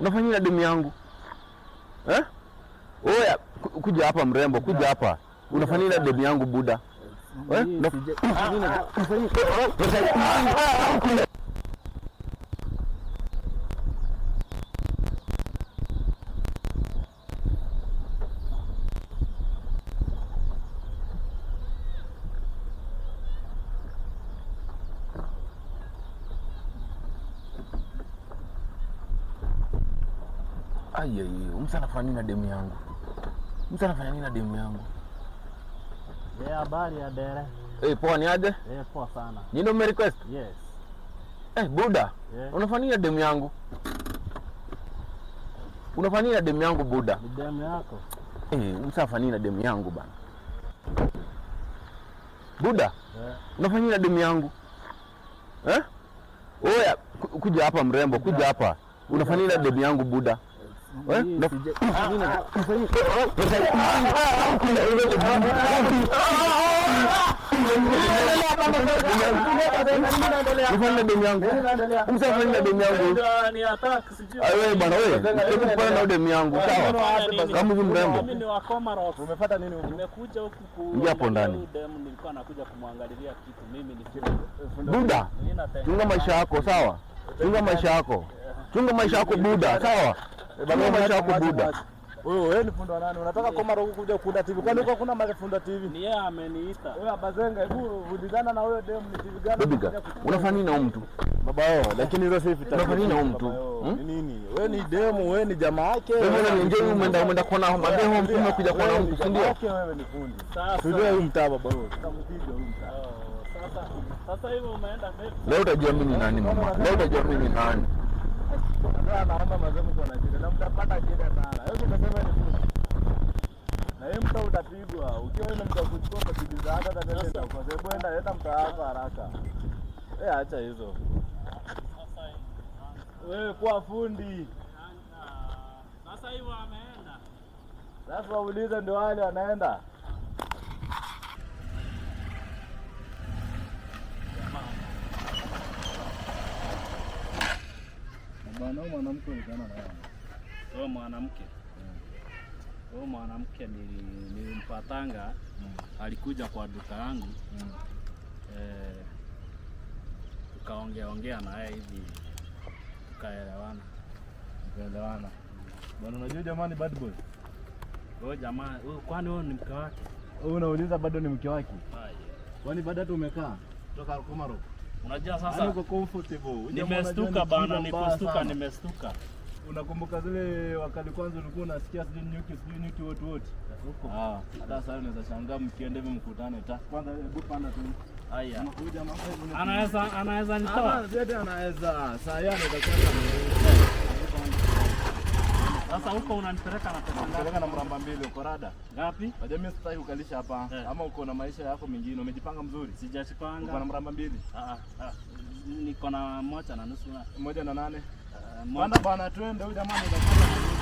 unafanya na demu yangu eh? Oya, kuja hapa mrembo, kuja hapa unafanya na demu yangu buda eh? Ai ai, msa anafanya nini na demu yangu? Msa anafanya nini na demu yangu? Eh, habari ya dere. Eh, poa ni aje? Eh, poa sana. Ni ndo request? Yes. Eh, buda. Yeah. Unafanya nini na demu yangu? Unafanya nini na demu yangu buda? Ni demu yako. Eh, msa anafanya nini na demu yangu bana? Buda. Yeah. Unafanya nini na demu yangu? Eh? Oya, kuja hapa mrembo, kuja hapa. Unafanya nini na demu yangu buda? Nifanye demu yangu msafanye demu yangu wewe bwana, wewe kupana demu yangu sawa, kama hivi mrembo, ingia hapo ndani buda, chunga maisha yako sawa, chunga maisha yako, chunga maisha yako buda, sawa maisha kubuda wewe ni fundo nani? Unataka Komaro kuja kuunda TV? Kwani uko kuna mafundo TV? Ni yeye ameniita. Wewe abazenga, hebu ulizana na wewe demu ni TV gani? Bibika, unafanya nini na huyu mtu? Baba yao, oh, lakini hizo si vita. Unafanya nini na huyu mtu? Oh, hmm? Nini? Wewe ni demu, wewe ni jamaa yake. Wewe unaniongea huyu umeenda umeenda kuona homa demu huyu mtu kuja kuona huyu mtu, ndio? Yake wewe ni fundi. Sasa. Tujue huyu mtaa baba wewe. Tutampiga huyu mtaa. Oh, sasa sasa hivi umeenda mbele. Leo utajua mimi nani mama. Leo utajua mimi nani ndio anaomba madhehebu kwa Nigeria na mtapata shida sana. Hiyo tunasema ni fursa. Na hiyo mta utapigwa. Ukiwa ile mta kuchukua kwa bibi zako na nenda kwa sababu enda leta mta wako haraka. Eh, acha hizo. Wewe kwa fundi. Sasa hiyo ameenda. Sasa waulize ndio wale wanaenda. Bwana mwanamke ulikana na yeye. mwanamke. Kwa hmm. mwanamke ni ni mpatanga hmm. Alikuja kwa duka yangu mm. Eh, tukaongea ongea na yeye hivi tukaelewana. Tukaelewana. Bwana unajua jamani bad boy. Wewe jamaa, kwani wewe ni mke wake? unauliza bado ni mke wake? Kwani bado hata umekaa? Toka Komaro. Unajua sasa niko yaani comfortable. nimestuka bana, niko stuka, nimestuka. Unakumbuka zile wakati kwanza ulikuwa unasikia sijui nyuki sijui nyuki wote wote huko. Ah, hata sasa unaweza shangaa mkiende mimi mkutane ta. Kwanza hebu eh, panda tu. Haya. Eh, anaweza anaweza nitoa. Anaweza Sasa yeye anaweza kwanza. Sasa huko unanipeleka na pesa ngapi? Na mramba mbili uko rada. Ngapi? Unajua mimi sitaki ukalisha hapa. Yeah. Ama uko na maisha yako mengine. Umejipanga mzuri? Sijajipanga. Uko na mramba mbili? Ah, ah ah. Niko na moja na nusu. Moja na nane. Uh, bana bana twende huyu jamani ndio.